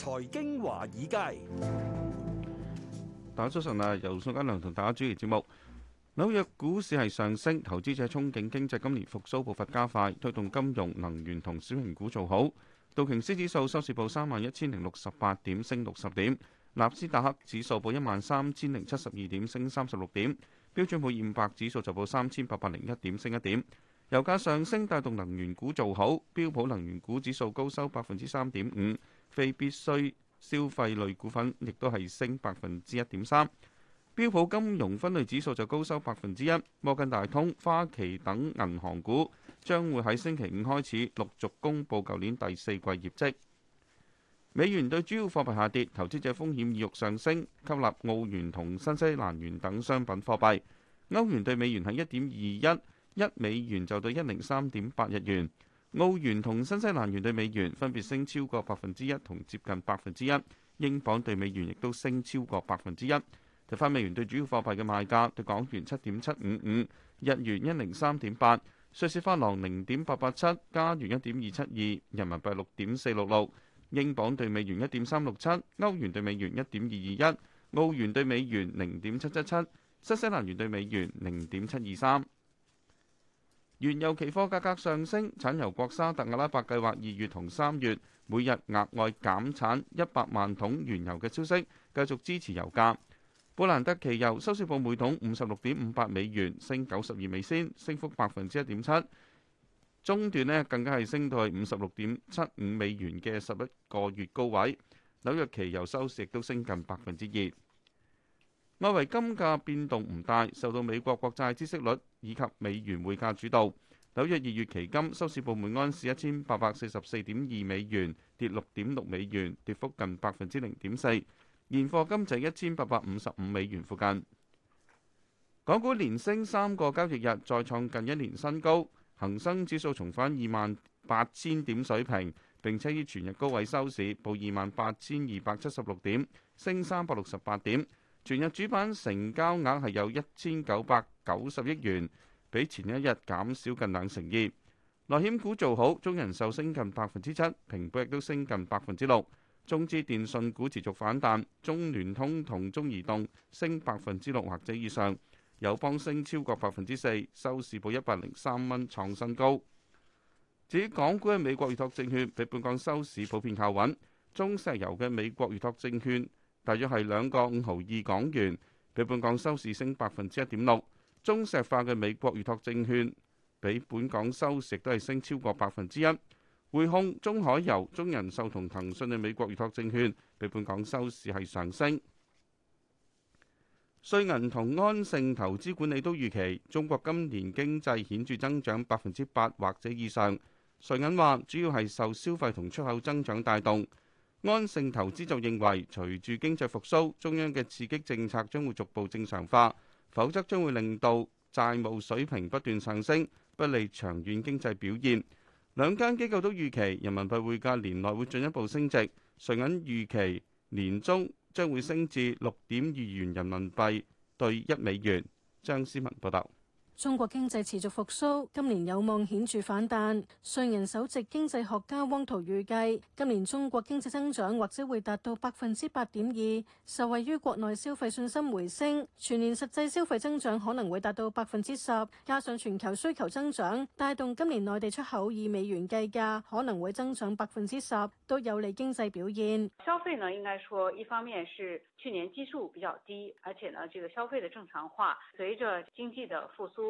財經華爾街，大家早晨啊！由宋家良同大家主持節目。紐約股市係上升，投資者憧憬經濟今年復蘇步伐加快，推動金融、能源同小型股做好。道瓊斯指數收市報三萬一千零六十八點，升六十點；納斯達克指數報一萬三千零七十二點，升三十六點；標準普爾五百指數就報三千八百零一點，升一點。油價上升帶動能源股做好，標普能源股指數高收百分之三點五。非必需消費類股份亦都係升百分之一點三。標普金融分類指數就高收百分之一。摩根大通、花旗等銀行股將會喺星期五開始陸續公佈舊年第四季業績。美元對主要貨幣下跌，投資者風險意欲上升，吸納澳元同新西蘭元等商品貨幣。歐元兌美元係一點二一，一美元就對一零三點八日元。澳元同新西蘭元對美元分別升超過百分之一同接近百分之一，英鎊對美元亦都升超過百分之一。就翻美元對主要貨幣嘅賣價，對港元七點七五五，日元一零三點八，瑞士法郎零點八八七，加元一點二七二，人民幣六點四六六，英鎊對美元一點三六七，歐元對美元一點二二一，澳元對美元零點七七七，新西蘭元對美元零點七二三。原油期貨價格上升，產油國沙特阿拉伯計劃二月同三月每日額外減產一百萬桶原油嘅消息，繼續支持油價。布蘭特期油收市報每桶五十六點五八美元，升九十二美仙，升幅百分之一點七。中段呢更加係升到去五十六點七五美元嘅十一個月高位。紐約期油收市亦都升近百分之二。外圍金價變動唔大，受到美國國債孳息率以及美元匯價主導。紐約二月期金收市報每安士一千八百四十四點二美元，跌六點六美元，跌幅近百分之零點四。現貨金就一千八百五十五美元附近。港股連升三個交易日，再創近一年新高，恒生指數重返二萬八千點水平，並且於全日高位收市，報二萬八千二百七十六點，升三百六十八點。全日主板成交額係有一千九百九十億元，比前一日減少近兩成二。內險股做好，中人壽升近百分之七，平安亦都升近百分之六。中資電信股持續反彈，中聯通同中移動升百分之六或者以上。友邦升超過百分之四，收市報一百零三蚊，創新高。至於港股嘅美國預託證券，比本港收市普遍靠穩。中石油嘅美國預託證券。大約係兩個五毫二港元比港，比本港收市升百分之一點六。中石化嘅美國預託證券比本港收市都係升超過百分之一。匯控、中海油、中人壽同騰訊嘅美國預託證券比本港收市係上升。瑞銀同安盛投資管理都預期中國今年經濟顯著增長百分之八或者以上。瑞銀話主要係受消費同出口增長帶動。安盛投資就認為，隨住經濟復甦，中央嘅刺激政策將會逐步正常化，否則將會令到債務水平不斷上升，不利長遠經濟表現。兩間機構都預期人民幣匯價年內會進一步升值，瑞銀預期年中將會升至六點二元人民幣對一美元。張思文報道。中國經濟持續復甦，今年有望顯著反彈。瑞銀首席經濟學家汪濤預計，今年中國經濟增長或者會達到百分之八點二，受惠於國內消費信心回升，全年實際消費增長可能會達到百分之十。加上全球需求增長，帶動今年內地出口以美元計價可能會增長百分之十，都有利經濟表現。消費呢，應該說一方面是去年基數比較低，而且呢，這個消費的正常化，隨着經濟的復甦。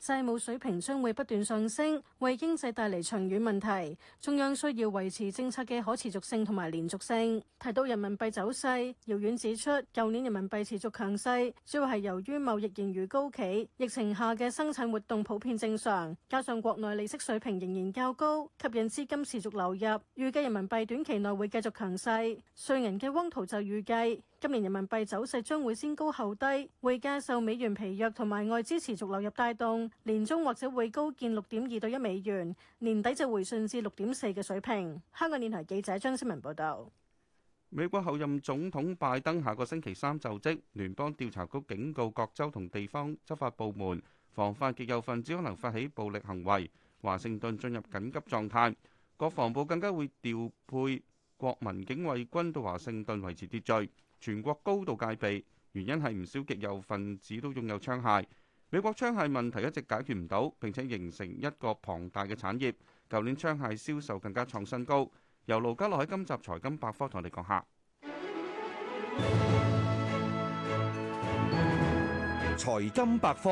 債務水平將會不斷上升，為經濟帶嚟長遠問題。中央需要維持政策嘅可持續性同埋連續性。提到人民幣走勢，姚遠指出，舊年人民幣持續強勢，主要係由於貿易盈餘高企，疫情下嘅生產活動普遍正常，加上國內利息水平仍然較高，吸引資金持續流入。預計人民幣短期內會繼續強勢。瑞銀嘅汪濤就預計，今年人民幣走勢將會先高後低，匯價受美元疲弱同埋外資持續流入帶動，年中或者會高見六點二兌一美元，年底就回順至六點四嘅水平。香港電台記者張思文報道。美國候任總統拜登下個星期三就職，聯邦調查局警告各州同地方執法部門，防範極右分子可能發起暴力行為。華盛頓進入緊急狀態，國防部更加會調配國民警衛軍到華盛頓維持秩序。全國高度戒備，原因係唔少極右分子都擁有槍械。美國槍械問題一直解決唔到，並且形成一個龐大嘅產業。舊年槍械銷售更加創新高。由盧家樂喺今集《財金百科》同你講下《財金百科》。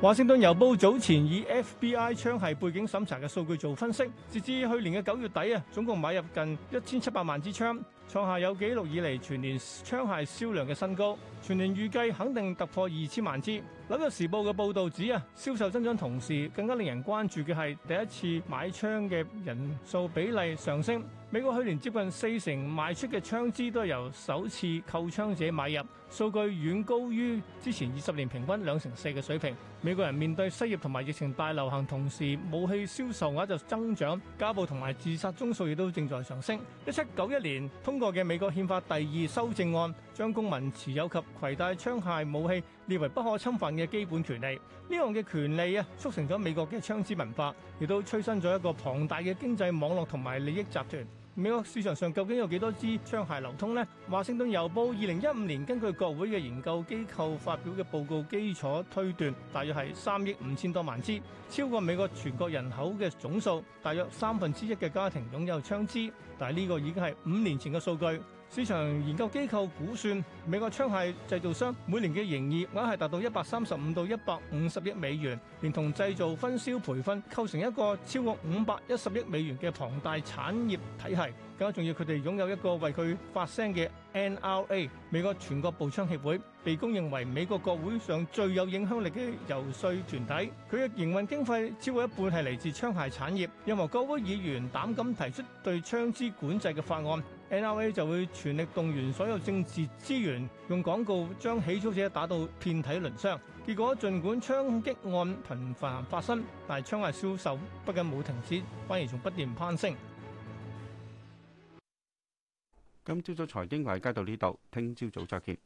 華盛頓郵報早前以 FBI 槍械背景審查嘅數據做分析，截至去年嘅九月底啊，總共買入近一千七百萬支槍，創下有紀錄以來全年槍械銷量嘅新高，全年預計肯定突破二千萬支。紐約時報嘅報導指啊，銷售增長同時更加令人關注嘅係第一次買槍嘅人數比例上升。美國去年接近四成賣出嘅槍支都係由首次購槍者買入，數據遠高於之前二十年平均兩成四嘅水平。美國人面對失業同埋疫情大流行，同時武器銷售額就增長，家暴同埋自殺宗數亦都正在上升。一七九一年通國嘅美國憲法第二修正案，將公民持有及攜帶槍械武器列為不可侵犯嘅基本權利。呢樣嘅權利啊，促成咗美國嘅槍支文化，亦都催生咗一個龐大嘅經濟網絡同埋利益集團。美國市場上究竟有幾多支槍械流通呢？《華盛頓郵報》二零一五年根據國會嘅研究機構發表嘅報告基礎推斷，大約係三億五千多萬支，超過美國全國人口嘅總數，大約三分之一嘅家庭擁有槍支，但係呢個已經係五年前嘅數據。市場研究機構估算，美國槍械製造商每年嘅營業額係達到一百三十五到一百五十億美元，連同製造、分銷、培訓，構成一個超過五百一十億美元嘅龐大產業體系。更加重要，佢哋擁有一個為佢發聲嘅 NRA 美國全國步槍協會，被公認為美國國會上最有影響力嘅遊説團體。佢嘅營運經費超過一半係嚟自槍械產業，任何國會議員膽敢提出對槍支管制嘅法案。NRA 就會全力動員所有政治資源，用廣告將起訴者打到遍體鱗傷。結果，儘管槍擊案頻繁發生，但係槍械銷售不僅冇停止，反而仲不斷攀升。今朝早財經華爾街到呢度，聽朝早再見。